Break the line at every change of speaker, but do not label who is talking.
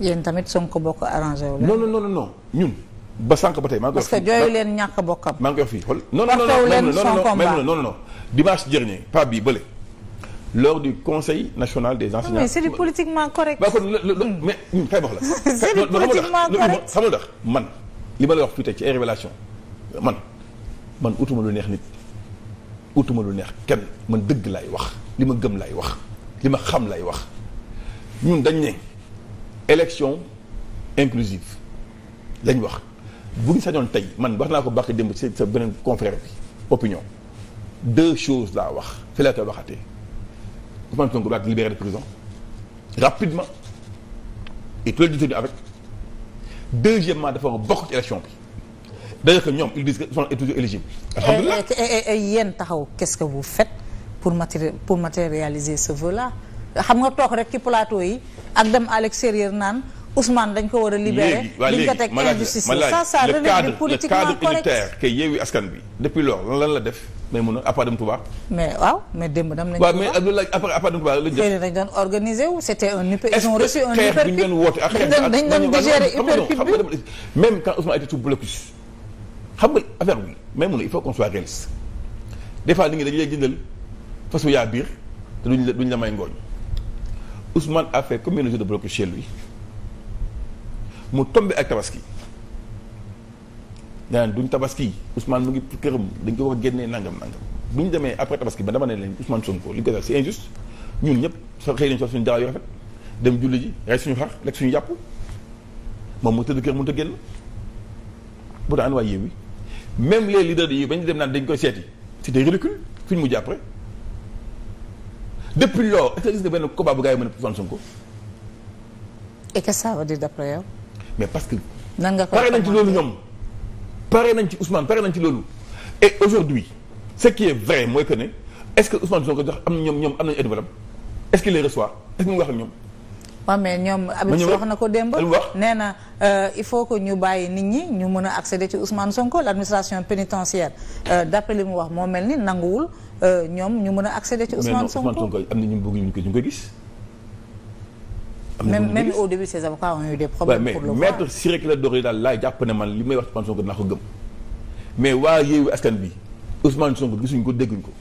yéen tamit Sonko bokk arrangé wu non
non non non ñun. ba sànq ba tey maa ngi koy wax parce que jooyu
leen ñàkk bokkam.
maa ngi koy wax fii xool non non non non non dimanche dernier Pape bii bële. lors du conseil national des enseignants. mais c'est du
politiquement correct. waaw
kon hmm. mais ñun kay wax la. c'est du politiquement correct xamul ndax man li ma la wax fii tey ci ay révélation man man utuma lu neex nit utuma lu neex kenn man dëgg laay wax li ma gëm laay wax li ma xam laay wax ñun dañ ne. élection inclusive lañ wax bu ñu sañoon tey man wax naa ko bàq démb ci sa beneen confrère bi opinion deux choses laa wax fi laa koy waxatee Ousmane Sonko doit être libéré de prison rapidement et tout le détenu avec deuxièmement dafa bokk ci élection bi d'ailleurs que ñoom ils disent que Ousmane est toujours éligible alhamdulilah
taxaw qu'est-ce que vous faites pour matéri pour matérialiser ce vœu là xam nga toog rek ci plateau yi ak dem à l'extérieur naan Ousmane dañ ko war a libérer liñ ko teg injustice ça ça relève du politiquement correct le cadre unitaire
que Yewwi Askan mun na à part dem Touba mais waaw mais démb dem nañ affaire bi mais mun na il faut qu'on soit réaliste des fois nit ñi dañu lay jëndal fas yaa biir te duñ duñ la may ngooñ Ousmane a fait combien de jours de blocus chez lui mu tombé ak tabaski nga naan duñ tabaski Ousmane mu ngi këram dañ ko wax génnee nangam nangam bu ñu demee après tabaski ba dama ne leen Ousmane Sonko li ko def c'est injuste ñun ñëpp soo xëy nañ soo suñu dara yu rafet dem julli ji rey suñu xar lekk suñu yàpp moom mu tëdd kër mënut a génn bu daan waa Yewwi même les leaders yi ba ñu dem naan dañ koy seeti c'était ridicule fu ñu mujj après. depuis loolu est bu gars yi mën a Ousmane Sonko.
et que ça veut dire d'après yow. mais parce que. nan nga ko pare nañ ci
loolu ñoom. pare nañ ci Ousmane pare nañ ci loolu. et aujourd'hui ce qui est vrai mooy que ne est-ce que Ousmane Sonko jox am na ñoom ñoom am na aide est-ce qu'il les reçoit est-ce que mu wax ak ñoom.
waaw mais ñoom Habib wax na ko démb nee na euh, il faut que ñu bàyyi nit ñi ñu mën a accéder ci Ousmane Sonko l'administration pénitentiaire euh, d'après li mu wax moo mel ni nanguwul Euh, ñoom ñu mën a accéder ci Ousmane Sonko
mais am na ñu bëgg ñu ko ñu ko gis. am na ñu ko gis même au
début ces avocats ont eu des problèmes. pour le voir mais
maître Ciré Clédor Ly daal laa jàpp ne man li may wax Ousmane Sonko dinaa ko gëm mais waa Yewwi Askan Wi Ousmane Sonko gisuñu ko dégguñ ko.